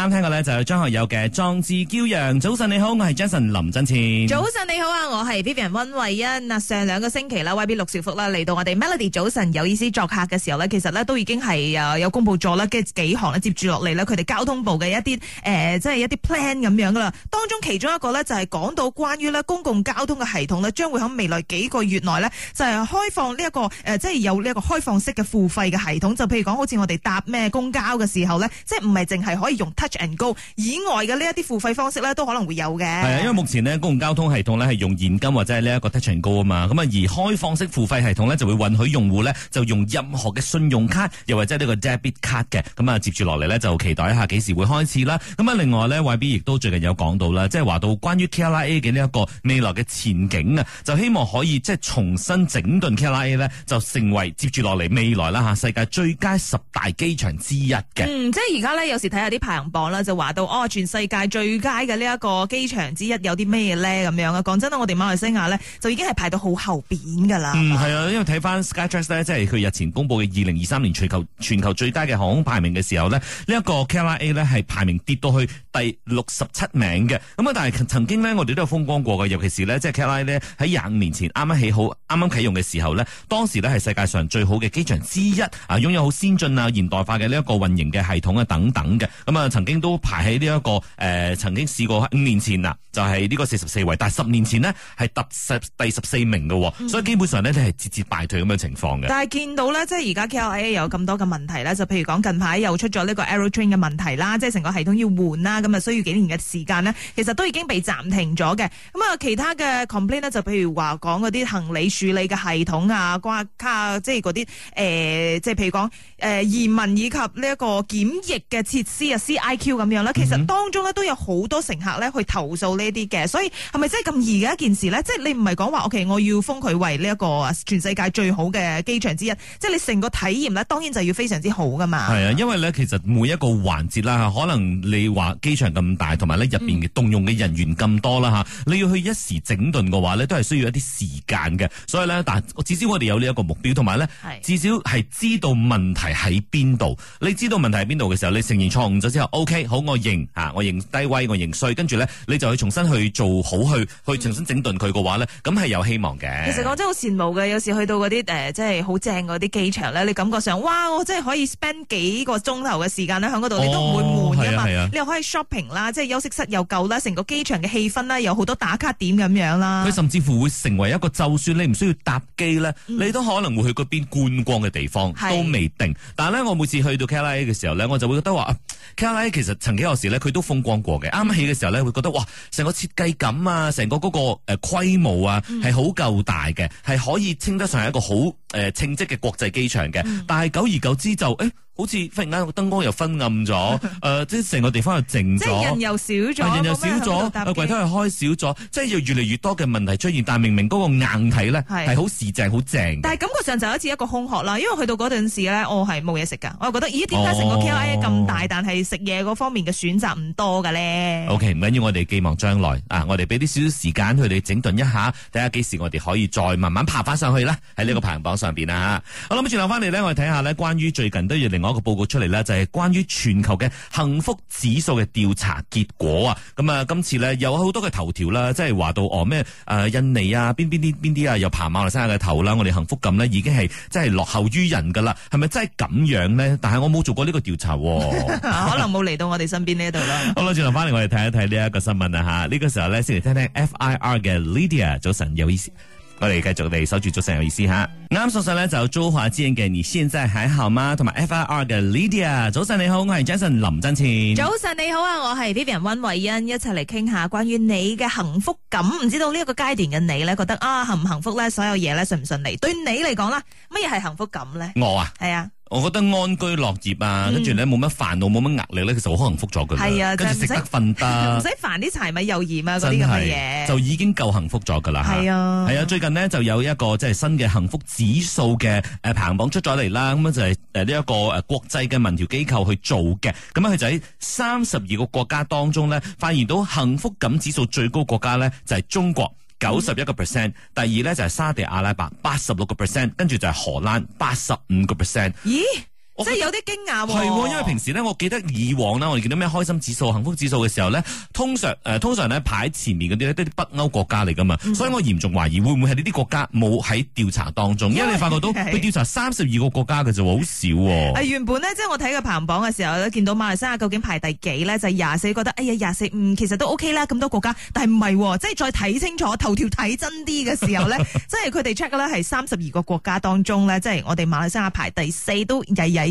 啱聽嘅咧就係張學友嘅《壯志驕陽》。早晨你好，我係 Jason 林振前。早晨你好啊，我係 Vivian 溫慧欣。嗱，上兩個星期啦，YB 陸兆福啦嚟到我哋 Melody 早晨有意思作客嘅時候咧，其實咧都已經係誒有公布咗啦，跟住幾行咧接住落嚟咧，佢哋交通部嘅一啲誒，即、呃、係、就是、一啲 plan 咁樣噶啦。當中其中一個咧就係講到關於咧公共交通嘅系統咧，將會喺未來幾個月內咧就係、是、開放呢、這、一個誒，即、呃、係、就是、有呢一個開放式嘅付費嘅系統。就譬如講好似我哋搭咩公交嘅時候咧，即係唔係淨係可以用。Go，以外嘅呢一啲付費方式咧，都可能會有嘅。係啊，因為目前咧公共交通系統咧係用現金或者係呢一個 Touch 'n Go 啊嘛。咁啊，而開放式付費系統咧就會允許用戶咧就用任何嘅信用卡，又或者呢個 debit 卡嘅。咁啊，接住落嚟咧就期待一下幾時會開始啦。咁啊，另外咧 YB 亦都最近有講到啦，即係話到關於 KLIA 嘅呢一個未來嘅前景啊，就希望可以即係重新整頓 KLIA 咧，就成為接住落嚟未來啦世界最佳十大機場之一嘅。嗯，即係而家咧有時睇下啲排行榜。就話到哦，全世界最佳嘅呢一個機場之一有啲咩咧咁樣啊？講真啦，我哋馬來西亞呢，就已經係排到好後邊噶啦。嗯，係啊，因為睇翻 Skytrax 咧，即係佢日前公布嘅二零二三年全球全球最低嘅航空排名嘅時候呢，呢一個 KLIA 呢係排名跌到去第六十七名嘅。咁啊，但係曾經呢，我哋都有風光過嘅，尤其是呢，即係 KLIA 呢，喺廿五年前啱啱起好、啱啱啟用嘅時候呢，當時呢係世界上最好嘅機場之一，啊，擁有好先進啊、現代化嘅呢一個運營嘅系統啊等等嘅。咁、嗯、啊，曾經。都排喺呢一個誒、呃、曾經試過五年前啦，就係、是、呢個四十四位，但係十年前呢，係第十、第十四名嘅，嗯、所以基本上呢，你係節節敗退咁樣情況嘅。嗯、但係見到呢，即係而家 K L A 有咁多嘅問題啦，就譬如講近排又出咗呢個 Aerotrain、er、嘅問題啦，即係成個系統要換啦，咁啊，需要幾年嘅時間呢？其實都已經被暫停咗嘅。咁啊，其他嘅 complaint 呢就譬如話講嗰啲行李處理嘅系統啊、關卡即係嗰啲誒，即係、呃、譬如講誒、呃、移民以及呢一個檢疫嘅設施啊、C I Q 咁樣啦，其實當中咧都有好多乘客咧去投訴呢啲嘅，嗯、哼所以係咪真係咁易嘅一件事呢？即係你唔係講話，OK，我要封佢為呢一個全世界最好嘅機場之一，即係你成個體驗呢，當然就要非常之好噶嘛。係啊，因為呢，其實每一個環節啦，可能你話機場咁大，同埋呢入邊嘅動用嘅人員咁多啦、嗯、你要去一時整頓嘅話呢，都係需要一啲時間嘅。所以呢，但至少我哋有呢一個目標，同埋呢，至少係知道問題喺邊度。你知道問題喺邊度嘅時候，你承認錯誤咗之後，OK。嗯 OK，好，我認我認低威，我認衰，跟住咧你就去重新去做好，去去重新整頓佢嘅話咧，咁係、嗯、有希望嘅。其實我真係好羨慕嘅，有時去到嗰啲誒，即係好正嗰啲機場咧，你感覺上哇，我真係可以 spend 幾個鐘頭嘅時間咧，喺嗰度你都唔會悶噶嘛，哦啊啊、你又可以 shopping 啦，即係休息室又夠啦，成個機場嘅氣氛啦，有好多打卡點咁樣啦。佢甚至乎會成為一個，就算你唔需要搭機咧，嗯、你都可能會去嗰邊觀光嘅地方是都未定。但係咧，我每次去到 California 嘅時候咧，我就會覺得話。卡拉其實曾幾何時咧，佢都風光過嘅。啱啱起嘅時候咧，會覺得哇，成個設計感啊，成個嗰個誒規模啊，係好夠大嘅，係可以稱得上係一個好。誒，稱職嘅，呃、國際機場嘅，嗯、但係久而久之就誒，欸，好似忽然間燈光又昏暗咗，誒、 呃，即係成個地方又靜咗， 人又少咗，但人又少咗，誒，櫃台又開少咗，即係越嚟越多嘅問題出現，但係明明嗰個硬體咧係好時正好正，但係感覺上就好似一,一個空殼啦，因為去到嗰陣時咧，哦，我係冇嘢食噶、okay，我覺得咦，點解成個 KIA 咁大，但係食嘢嗰方面嘅選擇唔多嘅咧？OK，唔緊要，我哋寄望將來啊，我哋俾啲少少時間佢哋整頓一下，睇下幾時我哋可以再慢慢爬翻上去啦，喺呢個排行榜。嗯上邊啊，好啦我諗轉頭翻嚟咧，我哋睇下呢，關於最近都要另外一個報告出嚟呢就係、是、關於全球嘅幸福指數嘅調查結果啊。咁啊，今次呢，有好多嘅頭條啦，即係話到哦咩誒、呃，印尼啊，邊邊啲邊啲啊，又爬馬來西亞嘅頭啦，我哋幸福感呢，已經係真係落後於人噶啦，係咪真係咁樣呢？但係我冇做過呢個調查、啊， 可能冇嚟到我哋身邊呢度啦，好啦，轉頭翻嚟我哋睇一睇呢一個新聞啊吓，呢、這個時候呢，先嚟聽聽 FIR 嘅 Lydia 早晨，有意思。我哋繼續哋守住早晨，有意思吓。啱，早晨咧就周華健嘅《你現在還好嗎》同埋 FIR 嘅 Lydia。早晨你，你好，我係 Jason 林振前。早晨你好啊，我係 Vivian 溫慧欣。一齊嚟傾下關於你嘅幸福感。唔知道呢一個階段嘅你咧，覺得啊幸唔幸福咧？所有嘢咧順唔順利？對你嚟講啦，乜嘢係幸福感咧？我啊，係啊。我覺得安居樂業啊，跟住咧冇乜煩惱，冇乜壓力咧，其實好幸福咗佢。係啊，跟住食得瞓得，唔使煩啲柴米油鹽啊嗰啲咁嘅嘢，的就已經夠幸福咗噶啦。係啊，係啊，啊，最近呢，就有一個即係新嘅幸福指數嘅誒排行榜出咗嚟啦。咁樣就係誒呢一個誒國際嘅民調機構去做嘅。咁樣佢就喺三十二個國家當中咧，發現到幸福感指數最高國家咧就係、是、中國。九十一個 percent，第二咧就係沙地阿拉伯八十六個 percent，跟住就係荷蘭八十五個 percent。咦？即係有啲驚訝喎、哦，係喎、哦，因為平時咧，我記得以往啦，我哋見到咩開心指數幸福指數嘅時候咧，通常誒、呃、通常咧排前面嗰啲咧都係北歐國家嚟㗎嘛，嗯、所以我嚴重懷疑會唔會係呢啲國家冇喺調查當中，因為你發覺到佢調查三十二個國家嘅啫喎，好少喎、哦。誒，原本咧即係我睇個排行榜嘅時候咧，見到馬來西亞究竟排第幾咧，就係廿四，覺得哎呀廿四，五、嗯、其實都 OK 啦，咁多國家，但係唔係，即係再睇清楚頭條睇真啲嘅時候咧， 即係佢哋 check 咧係三十二個國家當中咧，即係我哋馬來西亞排第四都曳曳。太第二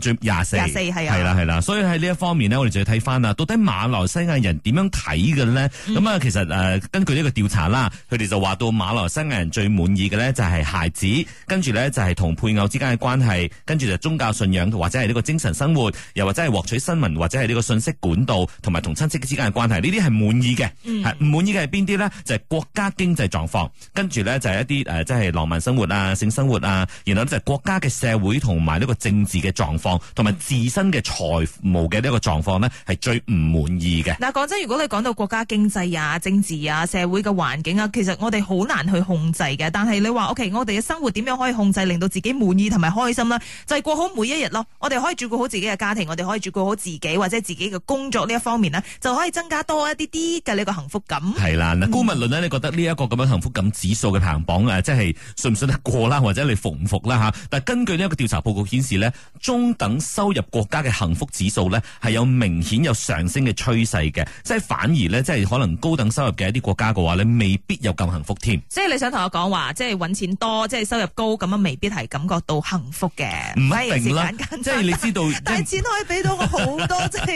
最廿四廿四。係啦係啦，所以喺呢一方面呢，我哋就要睇翻啊，到底馬來西亞人點樣睇嘅呢？咁啊、嗯，其實誒、呃，根據呢個調查啦，佢哋就話到馬來西亞人最滿意嘅呢，就係孩子，跟住呢，就係同配偶之間嘅關係，跟住就宗教信仰或者係呢個精神生活，又或者係獲取新聞或者係呢個信息管道，同埋同親戚之間嘅關係，呢啲係滿意嘅，係唔滿意嘅係邊啲呢？就係、係、國家經濟狀況，跟住呢，就係一啲誒，即係浪漫生活啊、性生活啊，然後呢就係國家嘅社會。同埋呢個政治嘅狀況，同埋自身嘅財務嘅呢一個狀況呢，係最唔滿意嘅。嗱，講真，如果你講到國家經濟啊、政治啊、社會嘅環境啊，其實我哋好難去控制嘅。但係你話，OK，我哋嘅生活點樣可以控制，令到自己滿意同埋開心呢、啊？就係、是、過好每一日咯、啊。我哋可以照顧好自己嘅家庭，我哋可以照顧好自己或者自己嘅工作呢一方面呢、啊，就可以增加多一啲啲嘅呢個幸福感。係啦、嗯，顧問論呢，你覺得呢一個咁樣幸福感指數嘅排行榜啊，即係信唔信得過啦、啊，或者你服唔服啦、啊、嚇？但根據呢一個調查，報告顯示咧，中等收入國家嘅幸福指數咧係有明顯有上升嘅趨勢嘅，即係反而咧，即係可能高等收入嘅一啲國家嘅話咧，未必有咁幸福添。即係你想同我講話，即係揾錢多，即係收入高咁樣，未必係感覺到幸福嘅。唔係啦，即係你知道，但係錢可以俾到我好多，即係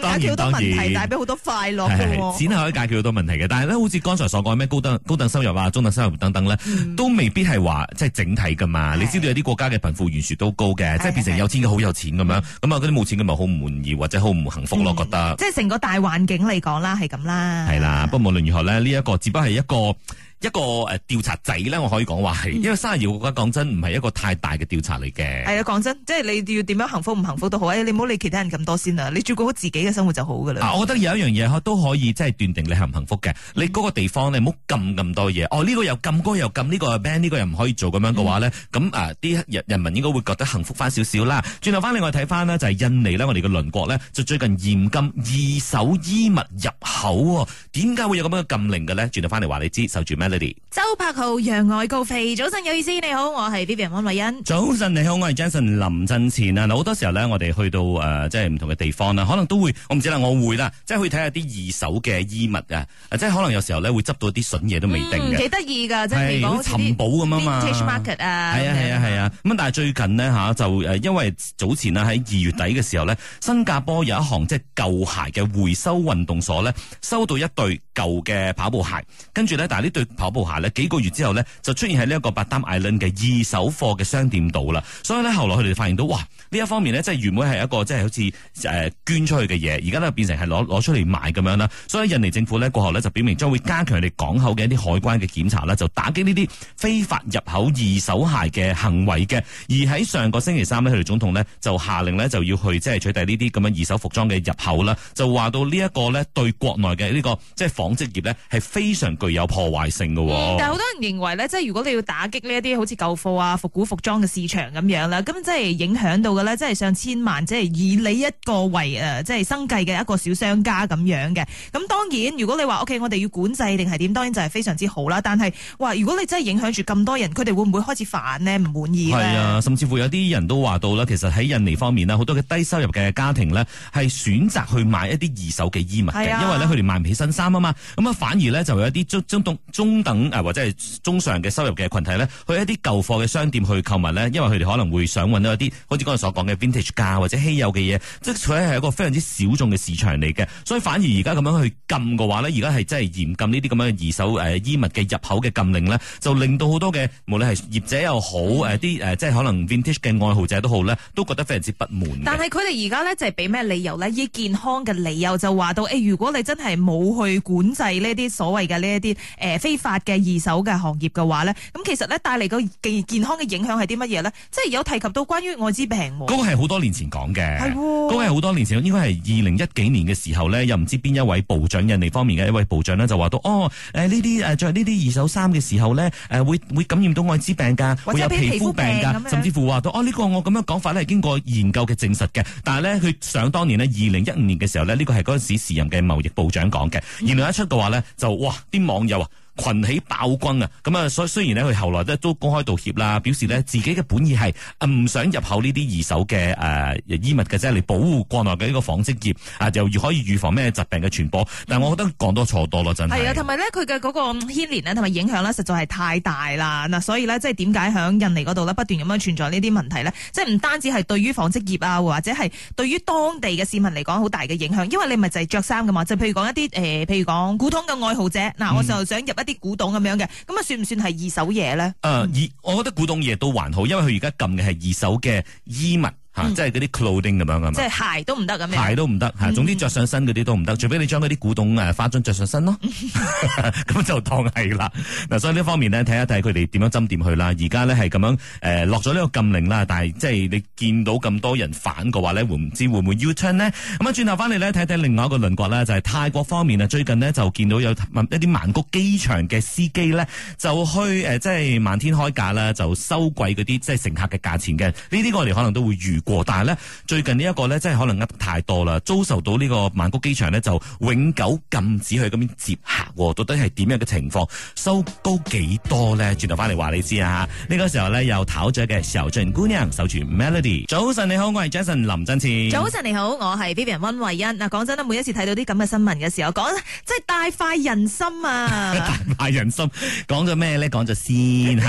解決好多問題，帶俾好多快樂嘅。錢係可以解決好多問題嘅，但係咧，好似剛才所講咩高等高等收入啊，中等收入等等咧，都未必係話即係整體㗎嘛。你知道有啲國家嘅貧富懸殊都高嘅，即係變成有錢嘅好有錢咁樣。咁啊嗰啲冇錢嘅咪好唔滿意或者好唔幸福咯，嗯、覺得。即係成個大環境嚟講啦，係咁啦。係啦，不過無論如何咧，呢一個只不過係一個。一個誒調、呃、查仔咧，我可以講話係，因為三十二個國家講真唔係一個太大嘅調查嚟嘅。係啊，講真，即係你要點樣幸福唔幸福都好，誒，你唔好理其他人咁多先啊。你照顧好自己嘅生活就好噶啦、啊。我覺得有一樣嘢都可以即係斷定你幸唔幸福嘅，你嗰個地方你唔好禁咁多嘢。哦，呢、這個又禁高，嗰個又禁，呢個又 ban，呢個又唔可以做咁樣嘅話咧，咁啊啲人民應該會覺得幸福翻少少啦。轉頭翻嚟我睇翻呢，就係、是、印尼呢。我哋嘅鄰國呢，就最近嚴禁二手衣物入口喎。點解會有咁樣嘅禁令嘅咧？轉頭翻嚟話你知，守住咩？周柏豪讓愛高飛，早晨有意思，你好，我係 Vivian 溫麗欣。早晨你好，我係 Jason 林振前啊！好多時候咧，我哋去到誒、呃，即係唔同嘅地方啦，可能都會，我唔知啦，我會啦，即係去睇下啲二手嘅衣物啊，即係可能有時候咧會執到啲筍嘢都未定嘅，幾得意噶，即係是好似尋寶咁啊嘛。vintage market 啊，係啊係啊係啊，咁但係最近呢，吓、啊、就誒，因為早前啊喺二月底嘅時候咧，嗯、新加坡有一行即係舊鞋嘅回收運動所咧，收到一對。舊嘅跑步鞋，跟住咧，但係呢對跑步鞋咧，幾個月之後呢，就出現喺呢一個百擔 i s 嘅二手貨嘅商店度啦。所以咧，後來佢哋發現到，哇，呢一方面呢，即係原本係一個即係好似誒、呃、捐出去嘅嘢，而家呢變成係攞攞出嚟賣咁樣啦。所以印尼政府呢，過後呢就表明將會加強哋港口嘅一啲海關嘅檢查啦，就打擊呢啲非法入口二手鞋嘅行為嘅。而喺上個星期三呢，佢哋總統呢就下令呢，就要去即係取締呢啲咁樣二手服裝嘅入口啦，就話到呢一個呢對國內嘅呢、這個即係紡織業呢係非常具有破壞性嘅，但係好多人認為呢即係如果你要打擊呢一啲好似舊貨啊、復古服裝嘅市場咁樣啦，咁即係影響到嘅呢，即係上千萬，即係以你一個為即係生計嘅一個小商家咁樣嘅。咁當然，如果你話 OK，我哋要管制定係點，當然就係非常之好啦。但係哇，如果你真係影響住咁多人，佢哋會唔會開始煩呢？唔滿意？係啊，甚至乎有啲人都話到啦，其實喺印尼方面啦，好多嘅低收入嘅家庭呢，係選擇去買一啲二手嘅衣物嘅，啊、因為呢，佢哋買唔起新衫啊嘛。咁啊，反而咧就有一啲中中等、中誒或者係中上嘅收入嘅群體咧，去一啲舊貨嘅商店去購物咧，因為佢哋可能會想搵到一啲好似剛才所講嘅 Vintage 價或者稀有嘅嘢，即係佢係一個非常之小眾嘅市場嚟嘅，所以反而而家咁樣去禁嘅話咧，而家係真係嚴禁呢啲咁樣嘅二手誒衣物嘅入口嘅禁令咧，就令到好多嘅無論係業者又好誒，啲誒、嗯、即係可能 Vintage 嘅愛好者都好咧，都覺得非常之不滿。但係佢哋而家咧就係俾咩理由呢？以健康嘅理由就話到，誒、哎，如果你真係冇去顧。管制呢啲所謂嘅呢一啲誒非法嘅二手嘅行業嘅話咧，咁其實咧帶嚟個健康嘅影響係啲乜嘢咧？即係有提及到關於艾滋病喎。嗰個係好多年前講嘅，係嗰、哦、個係好多年前，應該係二零一幾年嘅時候咧，又唔知邊一位部長印尼方面嘅一位部長呢就話到，哦，誒呢啲誒，著呢啲二手衫嘅時候咧，誒、呃、會會感染到艾滋病㗎，或者會有皮膚病㗎，病甚至乎話到，哦呢、這個我咁樣講法咧係經過研究嘅證實嘅，但係咧佢想當年呢，二零一五年嘅時候呢，呢、這個係嗰陣時時任嘅貿易部長講嘅，原來、嗯出嘅話咧，就哇啲網友啊。群起暴君啊！咁啊，所以雖然咧，佢後來咧都公開道歉啦，表示咧自己嘅本意係唔想入口呢啲二手嘅誒、呃、衣物嘅啫，嚟保護國內嘅呢個紡織業啊，就可以預防咩疾病嘅傳播。嗯、但係我覺得講多錯多咯，真係啊，同埋咧，佢嘅嗰個牽連咧，同埋影響咧，實在係太大啦嗱。所以咧，即係點解響印尼嗰度咧不斷咁樣存在呢啲問題咧？即係唔單止係對於紡織業啊，或者係對於當地嘅市民嚟講好大嘅影響，因為你咪就係着衫㗎嘛。就譬如講一啲誒、呃、譬如講古董嘅愛好者嗱，嗯、我就想入一。啲古董咁樣嘅，咁啊算唔算係二手嘢咧？誒，二，我覺得古董嘢都還好，因為佢而家撳嘅係二手嘅衣物。嗯、即係嗰啲 clothing 咁樣啊，即係鞋都唔得咁樣，鞋都唔得、嗯、總之着上身嗰啲都唔得，嗯、除非你將嗰啲古董誒、啊、花樽着上身咯，咁、嗯、 就當係啦。嗱， 所以呢方面呢，睇一睇佢哋點樣針掂佢啦。而家呢係咁樣誒落咗呢個禁令啦，但係即係你見到咁多人反嘅話呢，會唔知會唔會 U-turn 呢？咁啊，轉頭翻嚟呢，睇睇另外一個輪廓呢，就係、是、泰國方面最近呢，就見到有一啲曼谷機場嘅司機呢，就去誒、呃、即係漫天開價啦，就收貴嗰啲即係乘客嘅價錢嘅。呢啲我哋可能都會預過，但係咧最近呢一個咧，真係可能呃得太多啦，遭受到呢個曼谷機場呢，就永久禁止去嗰邊接客，到底係點樣嘅情況？收高幾多呢？轉頭翻嚟話你知啊吓。呢、這個時候呢，又討咗嘅，候，俊姑娘守住 Melody。早晨你好，我係 Jason 林振志。早晨你好，我係 Vivian 溫慧欣。嗱，講真啦，每一次睇到啲咁嘅新聞嘅時候，講即係大快人心啊！ 大快人心，講咗咩咧？講咗先，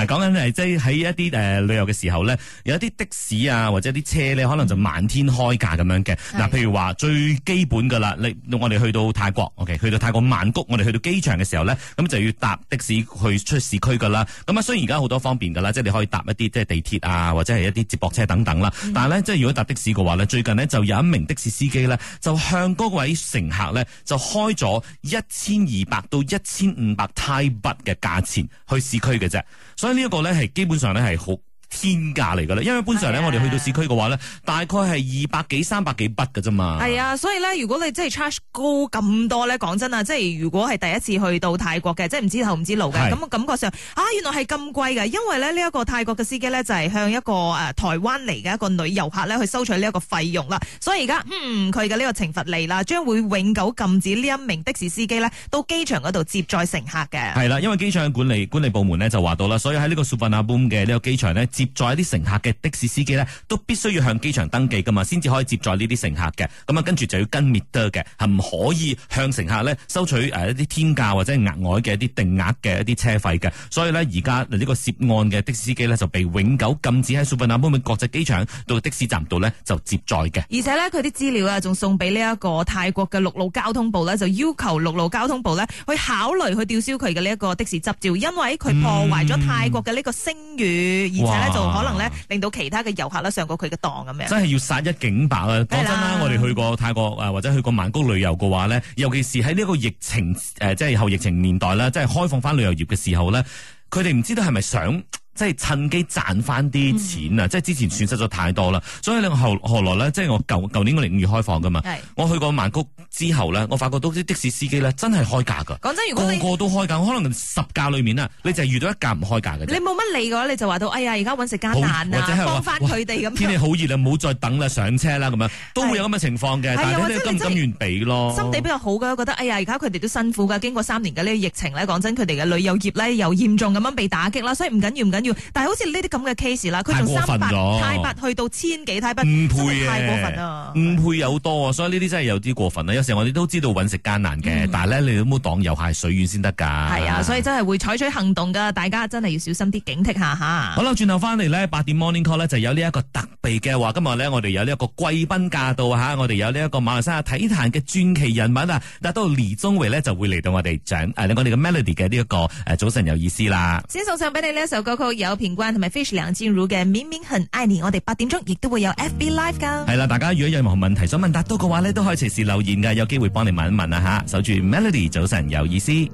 講緊係，即係喺一啲誒旅遊嘅時候呢，有啲的士啊或者啲車。你可能就漫天開價咁樣嘅，嗱的，譬如話最基本噶啦，你我哋去到泰國，OK，去到泰國曼谷，我哋去到機場嘅時候咧，咁就要搭的士去出市區噶啦。咁啊，雖然而家好多方便噶啦，即係你可以搭一啲即係地鐵啊，或者係一啲接駁車等等啦。的但係咧，即係如果搭的士嘅話咧，最近呢就有一名的士司機咧，就向嗰位乘客咧就開咗一千二百到一千五百泰銖嘅價錢去市區嘅啫。所以呢一個咧係基本上咧係好天價嚟㗎啦，因為一般上咧，的我哋去到市區嘅話咧，大概係二百幾、三百幾筆㗎啫嘛。係啊，所以咧，如果你即係真係 charge 高咁多咧，講真啊，即係如果係第一次去到泰國嘅，即係唔知頭唔知路嘅，咁我的感覺上啊，原來係咁貴㗎。因為咧呢一個泰國嘅司機咧就係向一個誒台灣嚟嘅一個女遊客咧去收取呢一個費用啦。所以而家佢嘅呢個懲罰嚟啦，將會永久禁止呢一名的士司機咧到機場嗰度接載乘客嘅。係啦，因為機場管理管理部門咧就話到啦，所以喺呢個 Suvarnabhumi 嘅呢個機場咧接載啲乘客嘅的，的士司機呢，都必須要向機場登記㗎嘛，先至可以接載呢啲乘客嘅。咁啊，跟住就要跟滅多嘅，係唔可以向乘客呢收取誒一啲天價或者係額外嘅一啲定額嘅一啲車費嘅。所以呢，而家呢個涉案嘅的，的士司機呢，就被永久禁止喺素貢亞木國際機場到的士站度呢，就接載嘅。而且呢，佢啲資料啊，仲送俾呢一個泰國嘅陸路交通部呢，就要求陸路交通部呢，去考慮去吊銷佢嘅呢一個的士執照，因為佢破壞咗泰國嘅呢個聲譽，而且、嗯就可能咧，令到其他嘅遊客咧上過佢嘅當咁樣。真係要殺一儆百啊！講、就是啊、真啦，的我哋去過泰國啊、呃，或者去過曼谷旅遊嘅話咧，尤其是喺呢個疫情誒、呃，即係後疫情年代啦，即係開放翻旅遊業嘅時候咧，佢哋唔知道係咪想？即係趁機賺翻啲錢啊！即係之前損失咗太多啦，所以咧，後何來咧？即係我舊舊年我嚟五月開放噶嘛，我去過曼谷之後咧，我發覺到啲的士司機咧真係開價噶。講真，如果個個都開價，可能十架裏面啊，你就係遇到一架唔開價嘅。你冇乜理嘅話，你就話到：哎呀，而家揾食艱難啊，幫翻佢哋咁。天氣好熱啦，唔好再等啦，上車啦咁樣。都會有咁嘅情況嘅，但係咧都唔敢願俾咯。心地比較好嘅，覺得哎呀，而家佢哋都辛苦噶，經過三年嘅呢個疫情咧，講真，佢哋嘅旅遊業咧又嚴重咁樣被打擊啦，所以唔緊要，唔緊。但係好似呢啲咁嘅 case 啦，佢從三百、太白去到千幾、太百，五倍啊！太過分啊！五倍有多啊！所以呢啲真係有啲過分啦。有時我哋都知道揾食艱難嘅，嗯、但係咧，你都冇擋遊下水軟先得㗎。係啊，所以真係會採取行動㗎。大家真係要小心啲，警惕下嚇。好啦，轉頭翻嚟呢。八點 Morning Call 呢就有呢一個特別嘅話，今日呢，我哋有呢一個貴賓駕到嚇，我哋有呢一個馬來西亞體壇嘅傳奇人物啊，拿督李宗偉咧就會嚟到我哋掌誒、呃、我哋嘅 Melody 嘅呢、這、一個誒、呃、早晨有意思啦。先送上俾你呢一首歌曲。有平關同埋 Fish 梁靜茹嘅《明明很愛你，我哋八點鐘亦都會有 FB Live 噶。係啦，大家如果有任何問題想問達到嘅話咧，都可以隨時留言噶，有機會幫你問一問啊嚇。守住 Melody，早晨有意思。